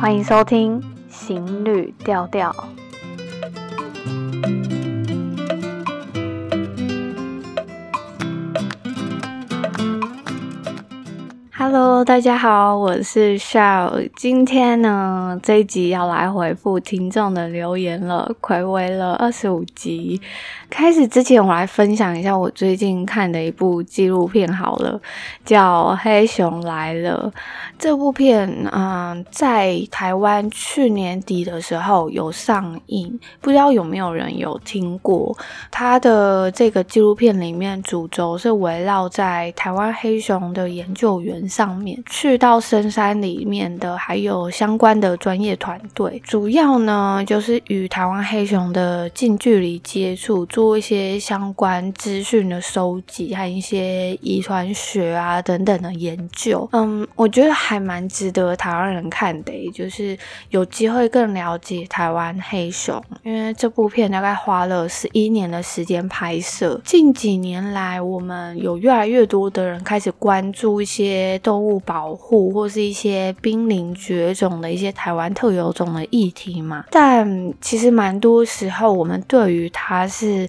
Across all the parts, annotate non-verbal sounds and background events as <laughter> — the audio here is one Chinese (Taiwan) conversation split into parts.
歡迎收聽《行旅調調》。Hello，大家好，我是 Shao。今天呢，這一集要來回復聽眾的留言了，睽違了二十五集。開始之前，我來分享一下我最近看的一部紀錄片好了，叫《黑熊來了》。這部片，嗯，在台灣去年底的時候有上映，不知道有沒有人有聽過。它的這個紀錄片裡面，主軸是圍繞在台灣黑熊的研究員上。上面去到深山裡面的，還有相關的專業團隊，主要呢就是與台灣黑熊的近距離接觸，做一些相關資訊的收集和一些遺傳學啊等等的研究。嗯，我覺得還蠻值得台灣人看的欸，就是有機會更了解台灣黑熊。因為這部片大概花了十一年的時間拍攝。近幾年來，我們有越來越多的人開始關注一些。動物保護或是一些瀕臨絕種的一些台灣特有種的議題嘛，但其實蠻多時候我們對於它是。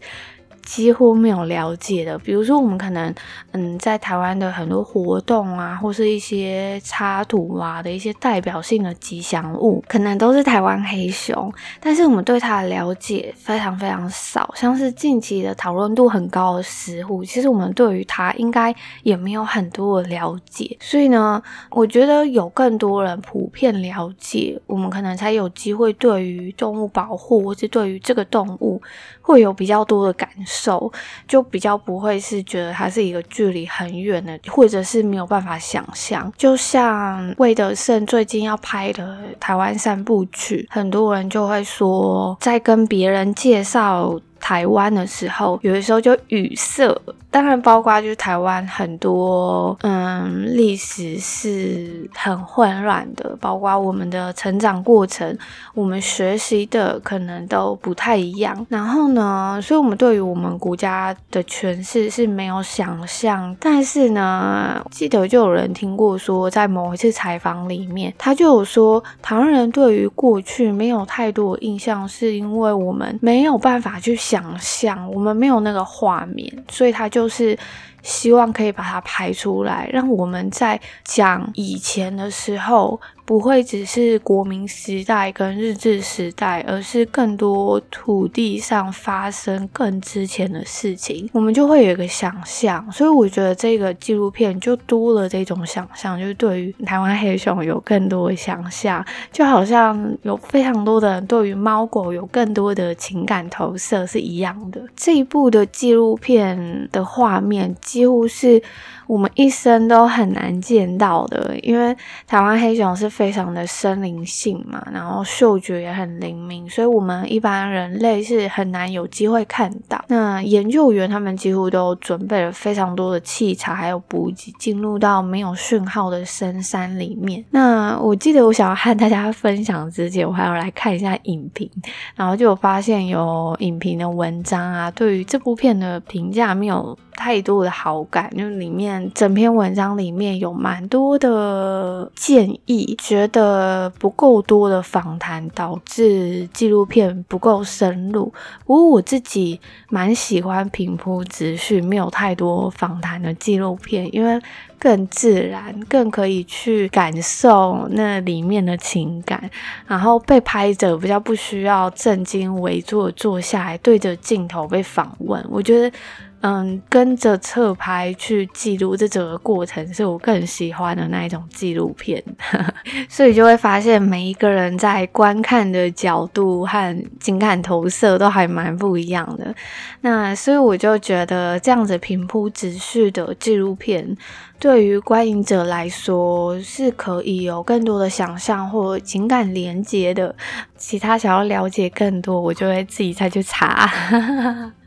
幾乎沒有了解的，比如說我們可能，嗯，在台灣的很多活動啊，或是一些插圖啊的一些代表性的吉祥物，可能都是台灣黑熊，但是我們對它的了解非常非常少。像是近期的討論度很高的石虎，其實我們對於它應該也沒有很多的了解。所以呢，我覺得有更多人普遍了解，我們可能才有機會對於動物保護，或是對於這個動物會有比較多的感受。手就比較不會是覺得它是一個距離很遠的，或者是沒有辦法想象。就像魏德聖最近要拍的《台灣三部曲》，很多人就會說，在跟別人介紹台灣的時候，有的時候就語塞。當然，包括就是台灣很多嗯歷史是很混亂的，包括我們的成長過程，我們學習的可能都不太一樣。然後呢，所以我們對於我們國家的詮釋是沒有想象。但是呢，記得就有人聽過說，在某一次採訪裡面，他就有說，台灣人對於過去沒有太多印象，是因為我們沒有辦法去。想象我們沒有那個畫面，所以他就是希望可以把它拍出來，讓我們在講以前的時候，不會只是國民時代跟日治時代，而是更多土地上發生更之前的事情，我們就會有一個想象。所以我覺得這個紀錄片就多了這種想象，就是對於台灣黑熊有更多的想象，就好像有非常多的人對於貓狗有更多的情感投射是一樣的。這一部的紀錄片的畫面幾乎是。我們一生都很難見到的，因為台灣黑熊是非常的生靈性嘛，然後嗅覺也很靈敏，所以我們一般人類是很難有機會看到。那研究員他們幾乎都準備了非常多的器材，還有補給，進入到沒有訊號的深山裡面。那我記得我想要和大家分享之前，我還要來看一下影評，然後就有發現有影評的文章啊，對於這部片的評價沒有。太多的好感，就裡面整篇文章裡面有蠻多的建議，覺得不夠多的訪談導致紀錄片不夠深入。不、哦、不過我自己蠻喜歡平鋪直敘、沒有太多訪談的紀錄片，因為更自然，更可以去感受那裡面的情感。然後被拍者比較不需要正襟危坐坐下來對着鏡頭被訪問，我覺得。嗯，跟着側拍去記錄這整個過程，是我更喜歡的那一種紀錄片。 <laughs> 所以就會發現每一個人在觀看的角度和情感投射都還蠻不一樣的。那所以我就覺得這樣子平鋪直敘的紀錄片，對於觀影者來說是可以有更多的想象或情感連結的。其他想要了解更多，我就會自己再去查。 <laughs>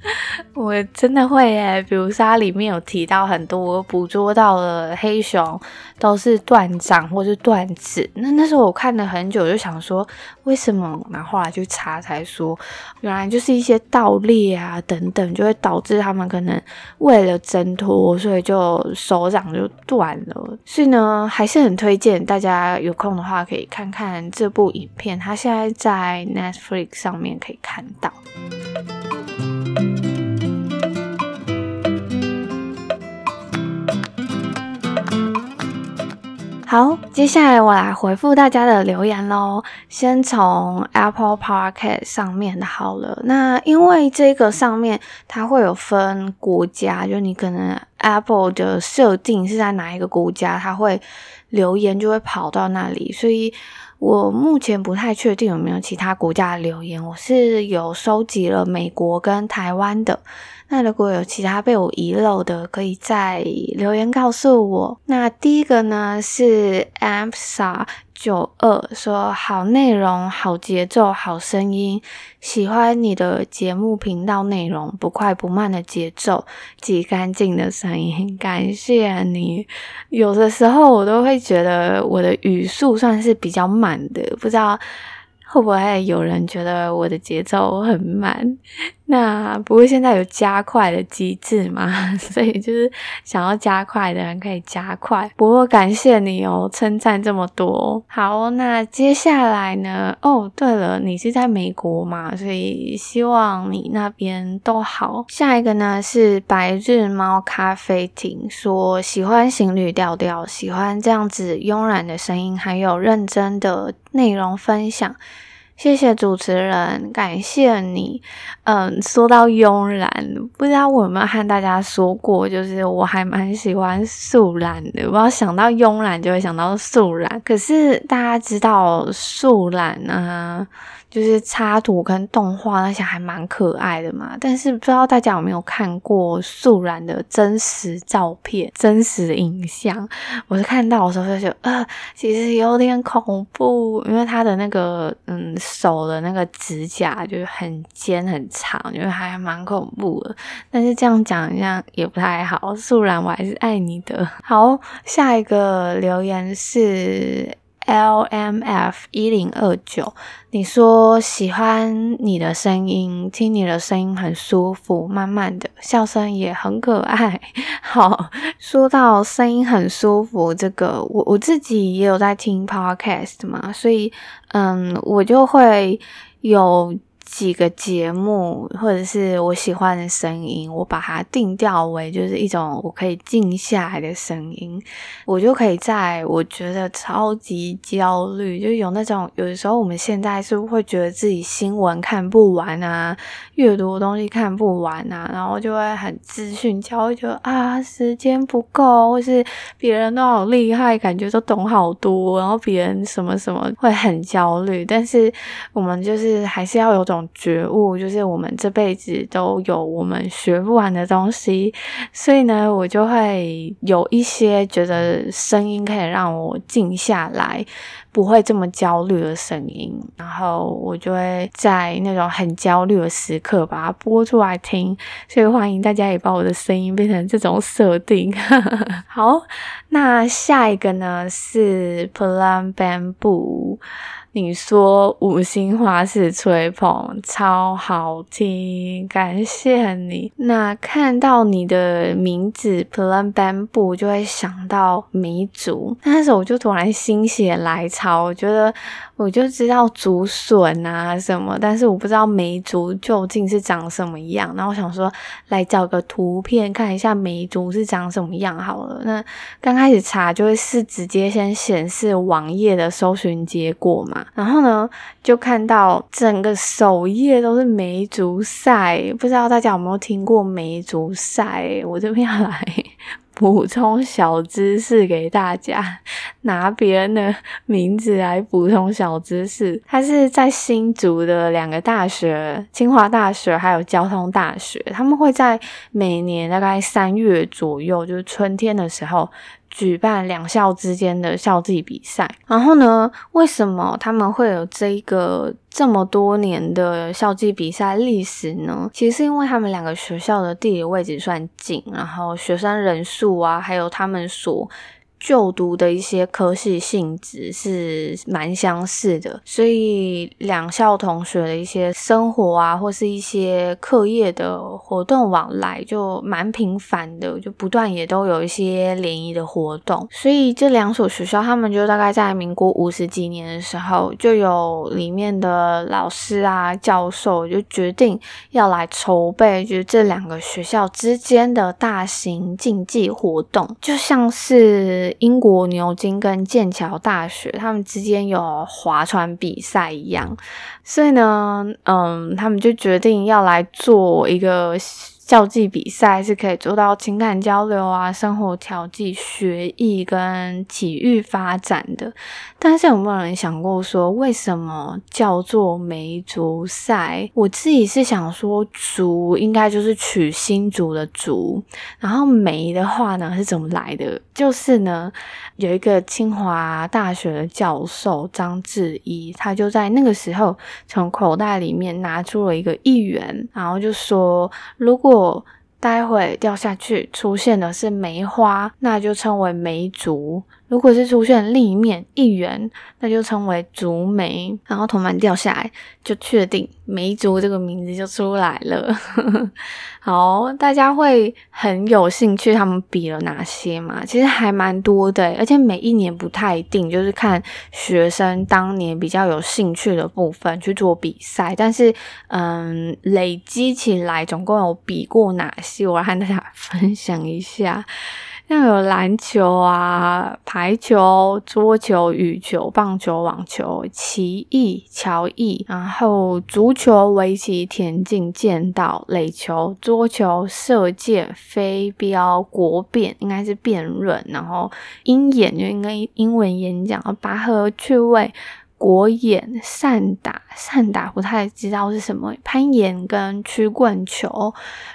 我真的會誒、欸，比如說它裡面有提到很多，捕捉到的黑熊都是斷掌或是斷指。那那時候我看了很久，就想說為什麼，然後後來去查才說，原來就是一些盜獵啊等等，就會導致他們可能為了掙脫，所以就手掌就斷了。所以呢，還是很推薦大家有空的話可以看看這部影片，它現在在 Netflix 上面可以看到。好，接下來我來回復大家的留言嘍。先從 Apple Podcast 上面好了。那因為這個上面它會有分國家，就你可能。Apple 的設定是在哪一個國家，它會留言就會跑到那裡，所以我目前不太確定有沒有其他國家的留言。我是有收集了美國跟台灣的，那如果有其他被我遺漏的，可以在留言告訴我。那第一個呢是 Amsa 九二說：“好內容，好節奏，好聲音，喜歡你的節目頻道內容，不快不慢的節奏，極乾淨的聲音，感謝你。有的時候我都會覺得我的語速算是比較慢的，不知道會不會有人覺得我的節奏很慢。”那不過現在有加快的機制嘛，所以就是想要加快的人可以加快。不過感謝你哦，稱讚這麼多。好，那接下來呢？哦，對了，你是在美國嘛？所以希望你那邊都好。下一個呢是白日貓咖啡廳，說喜歡行旅調調，喜歡這樣子慵懶的聲音，還有認真的內容分享。謝謝主持人，感謝你。嗯，說到慵懶，不知道我有沒有和大家說過，就是我還蠻喜歡樹懶的。我要想到慵懶，就會想到樹懶。可是大家知道樹懶啊。就是插圖跟動畫那些還蠻可愛的嘛，但是不知道大家有沒有看過素然的真實照片、真實的影像？我是看到的時候就覺得，呃，其實有點恐怖，因為他的那個嗯手的那個指甲就很尖很長，因為還蠻恐怖的。但是這樣講一下也不太好，素然我還是愛你的。好，下一個留言是。LMF 一零二九，你說喜歡你的聲音，聽你的聲音很舒服，慢慢的，笑聲也很可愛。好，說到聲音很舒服，這個我我自己也有在聽 podcast 嘛，所以嗯，我就會有。幾個節目，或者是我喜歡的聲音，我把它定調為就是一種我可以靜下來的聲音，我就可以在我覺得超級焦慮，就有那種有的時候我們現在是會覺得自己新聞看不完啊，閱讀的東西看不完啊，然後就會很資訊焦慮，覺得啊時間不夠，或是別人都好厲害，感覺都懂好多，然後別人什麼什麼會很焦慮，但是我們就是還是要有種。覺悟就是我們這輩子都有我們學不完的東西，所以呢，我就會有一些覺得聲音可以讓我靜下來，不會這麼焦慮的聲音，然後我就會在那種很焦慮的時刻把它播出來聽。所以歡迎大家也把我的聲音變成這種設定。 <laughs> 好，那下一個呢是 Plan Bamboo。你說五星花式吹捧超好聽，感謝你。那看到你的名字 Plum Bamboo 就會想到梅竹，那時候我就突然心血來潮，我覺得我就知道竹筍啊什麼，但是我不知道梅竹究竟是長什麼樣。那我想說來找個圖片看一下梅竹是長什麼樣好了。那剛開始查就會是直接先顯示網頁的搜尋結果嘛。然後呢，就看到整個首頁都是梅竹賽，不知道大家有沒有聽過梅竹賽？我這邊要來補充小知識給大家，拿別人的名字來補充小知識。它是在新竹的兩個大學，清華大學還有交通大學，他們會在每年大概三月左右，就是春天的時候。舉辦兩校之間的校際比賽，然後呢，為什麼他們會有這個這麼多年的校際比賽歷史呢？其實是因為他們兩個學校的地理位置算近，然後學生人數啊，還有他們所。就讀的一些科系性質是蠻相似的，所以兩校同學的一些生活啊，或是一些課業的活動往來就蠻頻繁的，就不斷也都有一些聯誼的活動。所以這兩所學校，他們就大概在民國五十幾年的時候，就有裡面的老師啊、教授就決定要來籌備，就這兩個學校之間的大型競技活動，就像是。英國牛津跟劍橋大學，他們之間有划船比賽一樣，所以呢，嗯，他們就決定要來做一個。校際比賽是可以做到情感交流啊、生活調劑、學藝跟體育發展的，但是有沒有人想過說，為什麼叫做梅竹賽？我自己是想說，竹應該就是取新竹的竹，然後梅的話呢，是怎麼來的？就是呢。有一個清華大學的教授張智一，他就在那個時候從口袋裡面拿出了一個一元，然後就說：如果待會掉下去出現的是梅花，那就稱為梅竹。如果是出現另一面一元，那就稱為竹梅，然後銅板掉下來，就確定梅竹這個名字就出來了。 <laughs> 好，大家會很有興趣，他們比了哪些嗎？其實還蠻多的，而且每一年不太一定，就是看學生當年比較有興趣的部分去做比賽。但是，嗯，累積起來總共有比過哪些，我要和大家分享一下。像有籃球啊、排球、桌球、羽球、棒球、網球、棋藝、橋藝，然後足球、圍棋、田徑、劍道、壘球、桌球、射箭、飛鏢、國辯，應該是辯論，然後英演就應該英文演講，拔河趣味。國演、善打善打，不太知道是什麼，攀岩跟曲棍球，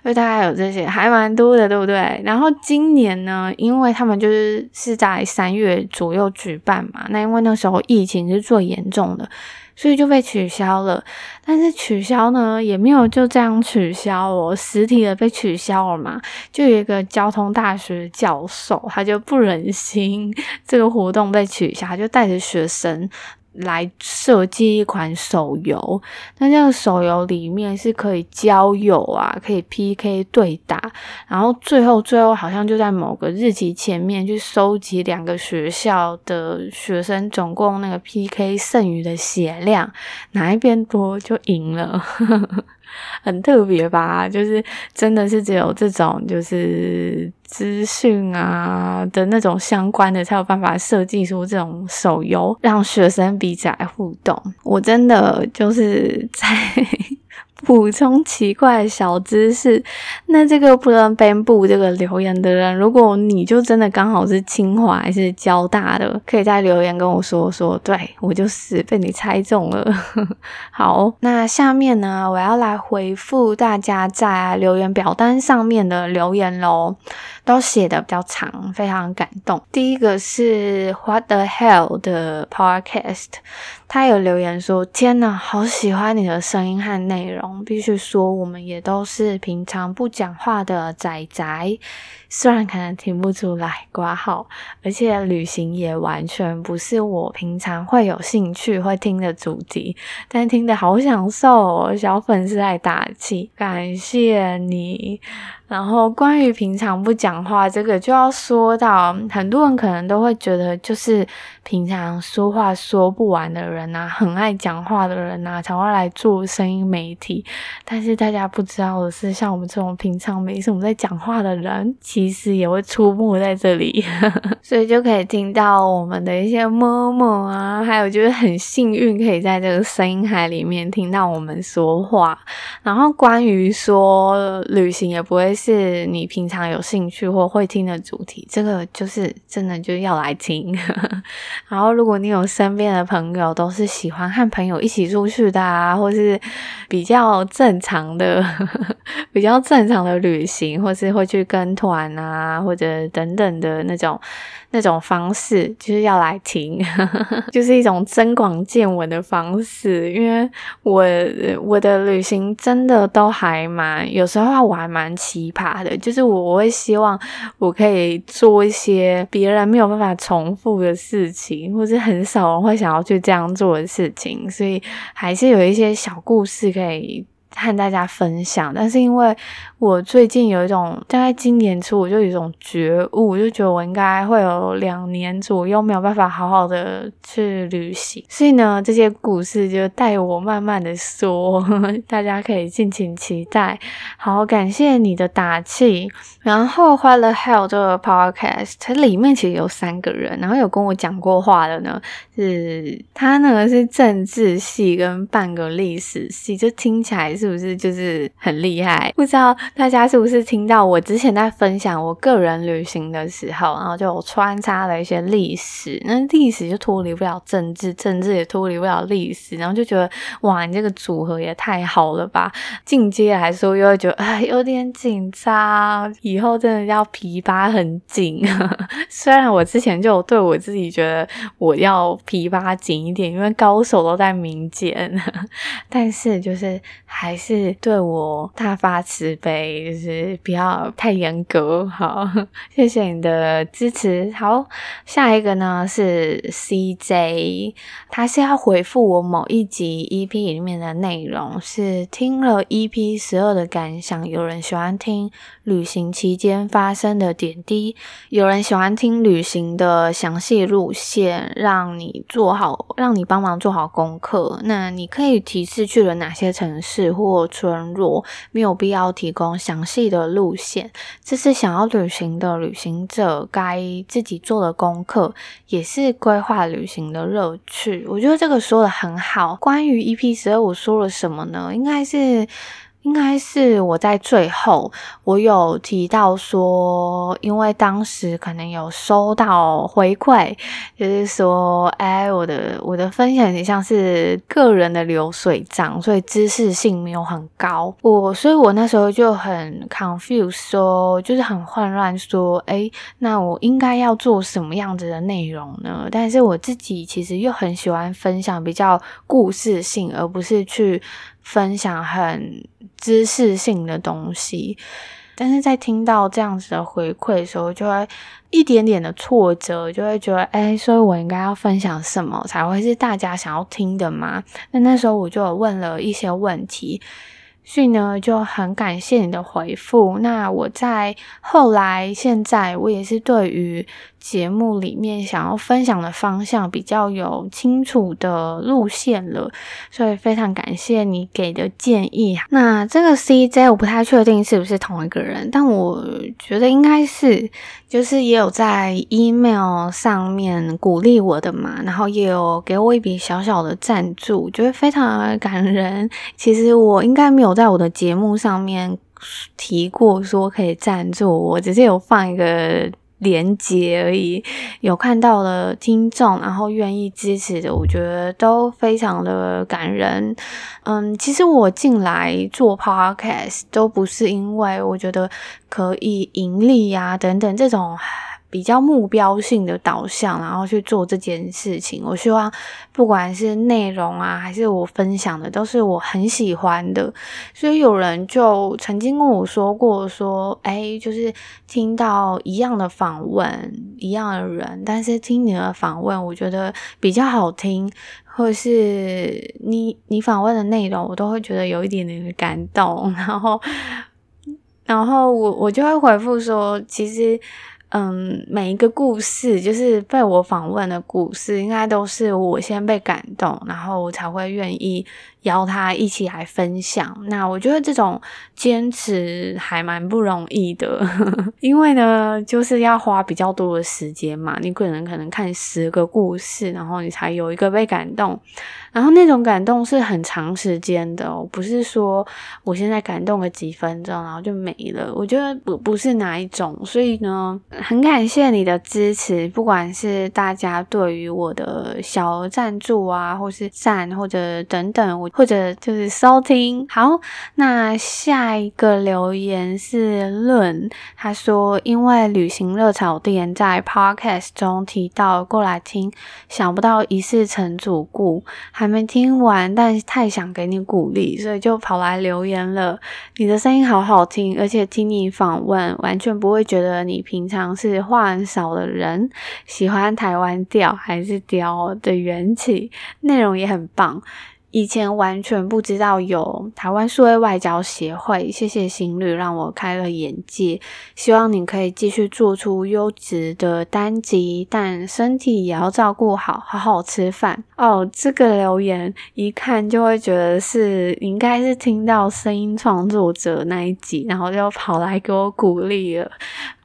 就大概有這些，還蠻多的，對不對？然後今年呢，因為他們就是是在三月左右舉辦嘛，那因為那時候疫情是最嚴重的，所以就被取消了。但是取消呢，也沒有就這樣取消哦，實體的被取消了嘛，就有一個交通大學教授，他就不忍心這個活動被取消，他就帶着學生。來設計一款手遊，那這個手遊裡面是可以交友啊，可以 PK 對打，然後最後最後好像就在某個日期前面去收集兩個學校的學生總共那個 PK 剩餘的血量，哪一邊多就贏了。 <laughs> 很特別吧，就是真的是只有這種就是資訊啊的那種相關的，才有辦法設計出這種手遊，讓學生彼此來互動。我真的就是在。 <laughs> 補充奇怪小知識。那這個不能 a n 這個留言的人，如果你就真的剛好是清華還是交大的，可以在留言跟我說說，對我就是被你猜中了。 <laughs> 好，那下面呢，我要來回復大家在留言表單上面的留言嘍。都寫得比較長，非常感動。第一個是《What the Hell》的 Podcast，他有留言說：“天哪、啊，好喜歡你的聲音和內容，必須說，我們也都是平常不講話的宅宅。”雖然可能聽不出來掛號，而且旅行也完全不是我平常會有興趣會聽的主題，但聽得好享受哦！小粉絲在打氣，感謝你。然後關於平常不講話這個，就要說到很多人可能都會覺得，就是平常說話說不完的人吶、啊，很愛講話的人吶、啊，才會來做聲音媒體。但是大家不知道的是，像我們這種平常沒什麼在講話的人。其實也會出沒在這裡， <laughs> 所以就可以聽到我們的一些摸摸啊，還有就是很幸運可以在這個聲音海裡面聽到我們說話。然後關於說旅行，也不會是你平常有興趣或會聽的主題，這個就是真的就要來聽。 <laughs> 然後如果你有身邊的朋友都是喜歡和朋友一起出去的，啊，或是比較正常的、 <laughs> 比較正常的旅行，或是會去跟團。啊，或者等等的那種那種方式，就是要來聽， <laughs> 就是一種增廣見聞的方式。因為我我的旅行真的都還蠻，有時候我還蠻奇葩的，就是我，我會希望我可以做一些別人沒有辦法重複的事情，或是很少人會想要去這樣做的事情，所以還是有一些小故事可以。和大家分享，但是因為我最近有一種，大概今年初我就有一種覺悟，我就覺得我應該會有兩年左右沒有辦法好好的去旅行，所以呢，這些故事就帶我慢慢的說，呵呵大家可以敬請期待。好，感謝你的打氣。然後《How the Hell》這個 Podcast 它裡面其實有三個人，然後有跟我講過話的呢，是他那個是政治系跟半個歷史系，就聽起來是。是不是就是很厲害？不知道大家是不是聽到我之前在分享我個人旅行的時候，然後就穿插了一些歷史。那歷史就脫離不了政治，政治也脫離不了歷史。然後就覺得哇，你這個組合也太好了吧！進階來說，又會覺得哎有點緊張，以後真的要琵琶很緊。 <laughs> 雖然我之前就對我自己覺得我要琵琶緊一點，因為高手都在民間，但是就是還。還是對我大發慈悲，就是不要太嚴格。好，謝謝你的支持。好，下一個呢是 CJ，他是要回復我某一集 EP 裡面的內容，是聽了 EP 十二的感想。有人喜歡聽旅行期間發生的點滴，有人喜歡聽旅行的詳細路線，讓你做好，讓你幫忙做好功課。那你可以提示去了哪些城市。或村落沒有必要提供詳細的路線，這是想要旅行的旅行者該自己做的功課，也是規劃旅行的樂趣。我覺得這個說得很好。關於 EP12，我說了什麼呢？應該是。應該是我在最後，我有提到說，因為當時可能有收到回饋，就是說，哎、欸，我的我的分享很像是個人的流水賬，所以知識性沒有很高。我所以，我那時候就很 confuse 說就是很混亂，說，哎、欸，那我應該要做什麼樣子的內容呢？但是我自己其實又很喜歡分享比較故事性，而不是去分享很知識性的東西，但是在聽到這樣子的回饋的時候，就會一點點的挫折，就會覺得，欸，所以我應該要分享什麼才會是大家想要聽的嗎？那那時候我就有問了一些問題。所以呢，就很感謝你的回覆。那我在後來、現在，我也是對於節目裡面想要分享的方向比較有清楚的路線了。所以非常感謝你給的建議。那這個 CJ，我不太確定是不是同一個人，但我覺得應該是。就是也有在 email 上面鼓勵我的嘛，然後也有給我一筆小小的贊助，覺得非常感人。其實我應該沒有在我的節目上面提過說可以贊助，我只是有放一個。連接而已，有看到的聽眾，然後願意支持的，我覺得都非常的感人。嗯，其實我進來做 podcast 都不是因為我覺得可以盈利呀、啊，等等這種。比較目標性的導向，然後去做這件事情。我希望不管是內容啊，還是我分享的，都是我很喜歡的。所以有人就曾經跟我說過，說：“誒，就是聽到一樣的訪問，一樣的人，但是聽你的訪問，我覺得比較好聽，或是你你訪問的內容，我都會覺得有一點點感動。”然後，然後我我就會回復說：“其實。”嗯，每一個故事，就是被我訪問的故事，應該都是我先被感動，然後我才會願意。邀他一起來分享。那我覺得這種堅持還蠻不容易的，呵呵，因為呢，就是要花比較多的時間嘛。你可能可能看十個故事，然後你才有一個被感動，然後那種感動是很長時間的，哦，不是說我現在感動了幾分鐘然後就沒了。我覺得不不是哪一種。所以呢，很感謝你的支持，不管是大家對於我的小額贊助啊，或是贊或者等等我，或者就是收聽。好，那下一個留言是論。他說因為旅行熱潮店，店在 podcast 中提到過來聽，想不到一世成主顧，還沒聽完，但太想給你鼓勵，所以就跑來留言了。你的聲音好好聽，而且聽你訪問，完全不會覺得你平常是話很少的人。喜歡台灣調還是調的緣起，內容也很棒。以前完全不知道有台灣數位外交協會，謝謝心律讓我開了眼界。希望你可以繼續做出優質的單集，但身體也要照顧好，好好，好吃飯哦。Oh, 這個留言一看就會覺得是應該是聽到聲音創作者那一集，然後就跑來給我鼓勵了。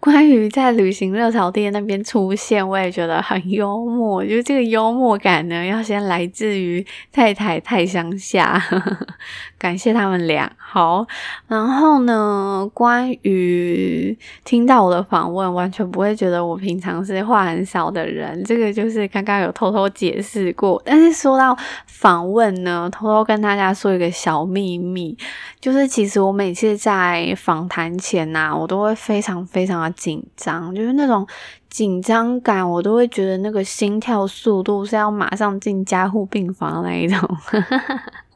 關於在旅行熱潮店那邊出現，我也覺得很幽默。就是這個幽默感呢，要先來自於太太太鄉下。 <laughs> 感謝他們倆。好，然後呢，關於聽到我的訪問，完全不會覺得我平常是話很少的人。這個就是剛剛有偷偷解釋過。但是說到訪問呢，偷偷跟大家說一個小秘密，就是其實我每次在訪談前吶、啊，我都會非常非常的緊張，就是那種緊張感，我都會覺得那個心跳速度是要馬上進加護病房的那一種。 <laughs>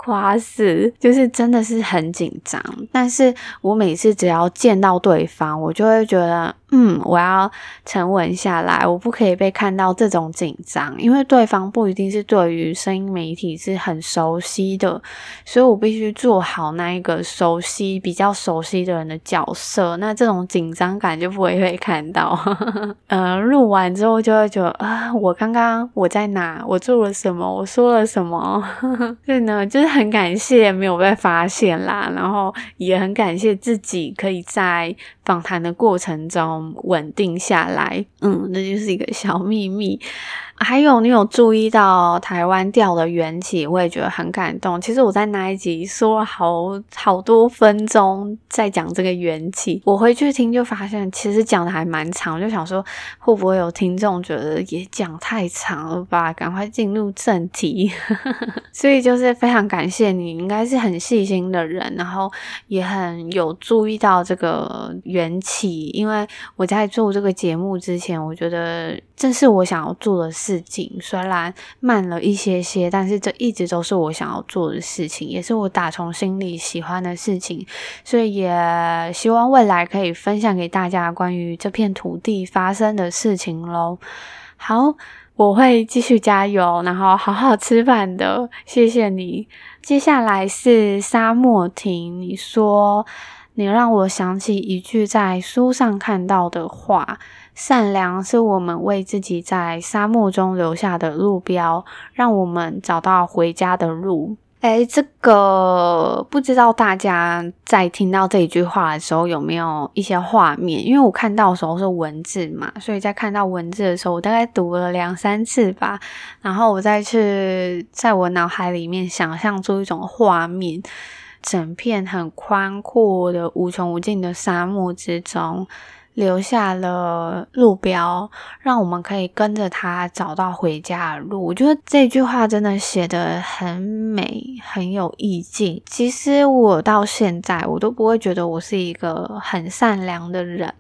誇死，就是真的是很緊張，但是我每次只要見到對方，我就會覺得。嗯，我要沉穩下來，我不可以被看到這種緊張，因為對方不一定是對於聲音媒體是很熟悉的，所以我必須做好那一個熟悉、比較熟悉的人的角色，那這種緊張感就不會被看到。 <laughs> 呃，錄完之後就會覺得啊、呃，我剛剛我在哪？我做了什麼？我說了什麼？所 <laughs> 以呢，就是很感謝沒有被發現啦，然後也很感謝自己可以在訪談的過程中，穩定下來，嗯，那就是一個小祕密。還有，你有注意到台灣調的緣起，我也覺得很感動。其實我在那一集說了好好多分鐘在講這個緣起，我回去聽就發現其實講的還蠻長，我就想說會不會有聽眾覺得也講太長了吧？趕快進入正題。 <laughs> 所以就是非常感謝你，應該是很細心的人，然後也很有注意到這個緣起，因為我在做這個節目之前，我覺得正是我想要做的事。事情雖然慢了一些些，但是這一直都是我想要做的事情，也是我打從心裡喜歡的事情，所以也希望未來可以分享給大家關於這片土地發生的事情嘍。好，我會繼續加油，然後好好吃飯的，謝謝你。接下來是沙漠婷，你說你讓我想起一句在書上看到的話。善良是我們為自己在沙漠中留下的路標，讓我們找到回家的路。誒，這個不知道大家在聽到這一句話的時候有沒有一些畫面？因為我看到的時候是文字嘛，所以在看到文字的時候，我大概讀了兩三次吧，然後我再去在我腦海裡面想象出一種畫面：整片很寬闊的、無窮無盡的沙漠之中。留下了路標，讓我們可以跟着他找到回家的路。我覺得這句話真的寫得很美，很有意境。其實我到現在我都不會覺得我是一個很善良的人，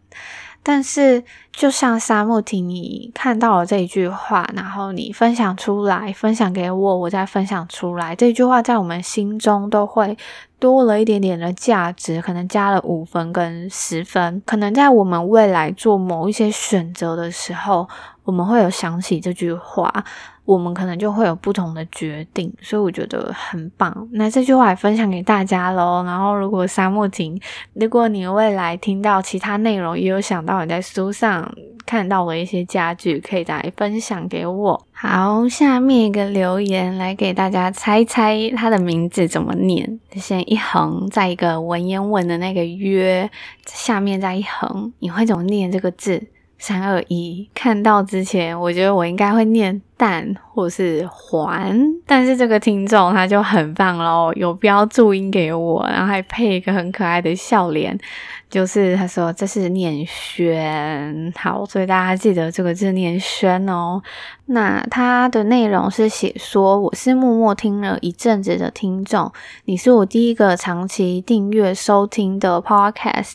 但是就像沙漠婷，你看到了這一句話，然後你分享出來，分享給我，我再分享出來，這句話在我們心中都會。多了一點點的價值，可能加了五分跟十分。可能在我們未來做某一些選擇的時候，我們會有想起這句話。我們可能就會有不同的決定，所以我覺得很棒。那這句話也分享給大家嘍。然後，如果沙漠亭，如果你未來聽到其他內容，也有想到你在書上看到的一些佳句，可以來分享給我。好，下面一個留言來給大家猜猜它的名字怎麼念？先一橫，再一個文言文的那個“約”，下面再一橫，你會怎麼念這個字？三二一，看到之前，我覺得我應該會念。但或是還，但是這個聽眾他就很棒咯，有標注音給我，然後還配一個很可愛的笑臉，就是他說這是念軒。好，所以大家記得這個字念軒哦。那他的內容是寫說，我是默默聽了一陣子的聽眾，你是我第一個長期訂閱收聽的 podcast，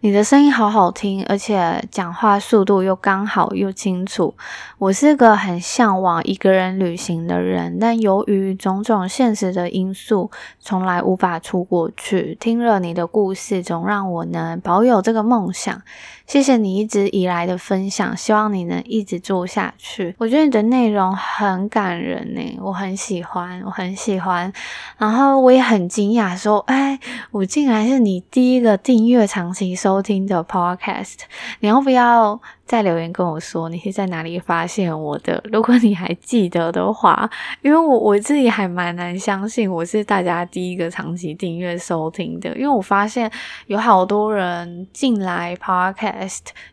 你的聲音好好聽，而且講話速度又剛好又清楚，我是個很像。往一個人旅行的人，但由於種種現實的因素，從來無法出國去。聽了你的故事，總讓我能保有這個夢想。謝謝你一直以來的分享，希望你能一直做下去。我覺得你的內容很感人呢、欸，我很喜歡，我很喜歡。然後我也很驚訝，說：“哎，我竟然是你第一個訂閱、長期收聽的 Podcast。”你要不要再留言跟我說，你是在哪裡發現我的？如果你還記得的話，因為我我自己還蠻難相信我是大家第一個長期訂閱收聽的，因為我發現有好多人進來 Podcast。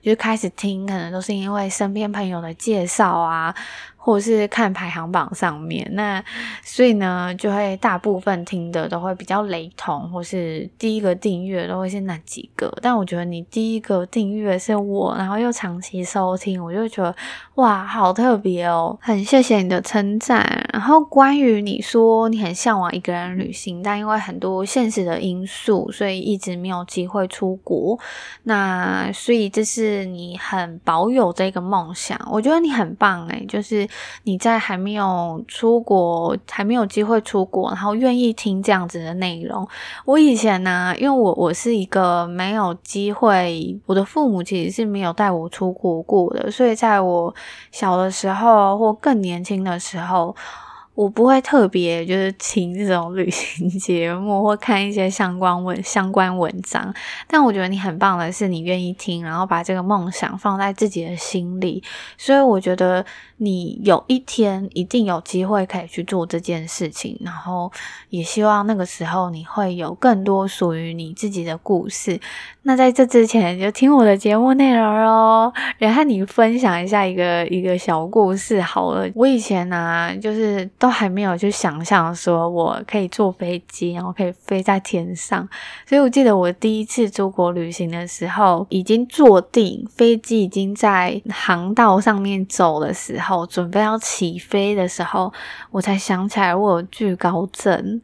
就是開始聽，可能都是因為身邊朋友的介紹啊。或是看排行榜上面，那所以呢，就會大部分聽的都會比較雷同，或是第一個訂閱都會是哪幾個？但我覺得你第一個訂閱是我，然後又長期收聽，我就覺得哇，好特別哦！很謝謝你的稱讚。然後關於你說你很向往一個人旅行，但因為很多現實的因素，所以一直沒有機會出國。那所以這是你很保有這個夢想，我覺得你很棒誒、欸，就是。你在還沒有出國，還沒有機會出國，然後願意聽這樣子的內容。我以前呢，因為我我是一個沒有機會，我的父母其實是沒有帶我出國過的，所以在我小的時候或更年輕的時候。我不會特別就是聽這種旅行節目或看一些相關文相關文章，但我覺得你很棒的是你願意聽，然後把這個夢想放在自己的心裡，所以我覺得你有一天一定有機會可以去做這件事情，然後也希望那個時候你會有更多屬於你自己的故事。那在這之前就聽我的節目內容哦，然後你分享一下一個一個小故事好了。我以前呢、啊、就是。都還沒有去想象說我可以坐飛機，然後可以飛在天上。所以我記得我第一次出國旅行的時候，已經坐定飛機，已經在航道上面走的時候，準備要起飛的時候，我才想起來我有懼高症。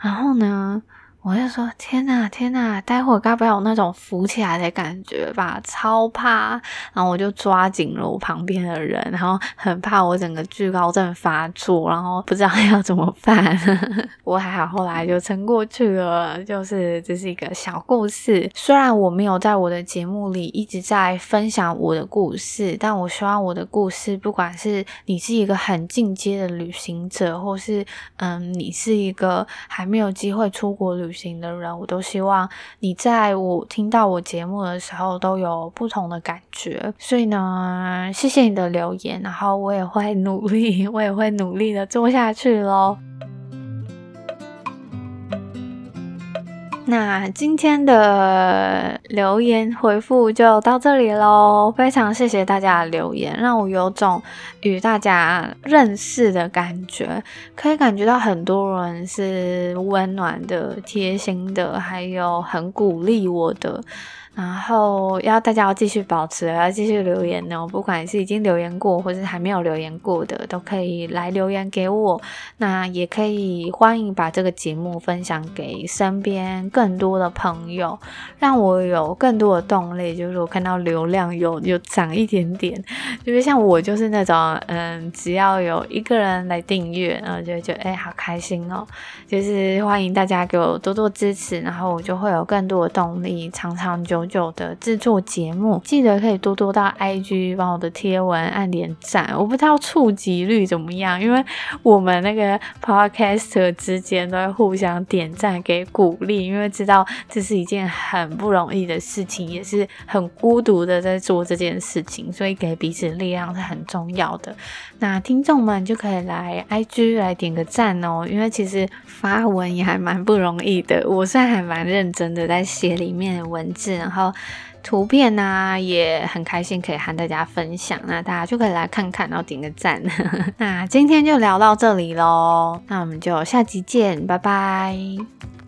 然後呢，我就說天哪天哪，待會兒該不會有那種浮起來的感覺吧？超怕！然後我就抓緊了我旁邊的人，然後很怕我整個懼高症發作，然後不知道要怎麼辦。 <laughs> 我還好，後來就撐過去了。就是這是一個小故事，雖然我沒有在我的節目裡一直在分享我的故事，但我希望我的故事，不管是你是一個很進階的旅行者，或是嗯，你是一個還沒有機會出國旅行者。行的人，我都希望你在我聽到我節目的時候都有不同的感覺。所以呢，謝謝你的留言，然後我也會努力，我也會努力的做下去嘍。那今天的留言回覆就到這裡嘍，非常謝謝大家的留言，讓我有種與大家認識的感覺，可以感覺到很多人是溫暖的、貼心的，還有很鼓勵我的。然後要大家要繼續保持，要繼續留言哦。不管是已經留言過，或是還沒有留言過的，都可以來留言給我。那也可以歡迎把這個節目分享給身邊更多的朋友，讓我有更多的動力。就是我看到流量有有漲一點點，就是像我就是那種，嗯，只要有一個人來訂閱，然後就覺得，哎，好開心哦。就是歡迎大家給我多多支持，然後我就會有更多的動力，常常就，久，久的製作節目，記得可以多多到 IG 幫我的貼文按點讚。我不知道觸及率怎麼樣？因為我們那個 Podcaster 之間都會互相點讚給鼓勵，因為知道這是一件很不容易的事情，也是很孤獨的在做這件事情，所以給彼此力量是很重要的。那聽眾們就可以來 IG 來點個讚哦、喔，因為其實發文也還蠻不容易的，我現在還蠻認真的在寫裡面的文字啊。然後圖片呢、啊、也很開心可以和大家分享，那大家就可以來看看，然後點個讚。 <laughs> 那今天就聊到這裡嘍，那我們就下集見，拜拜。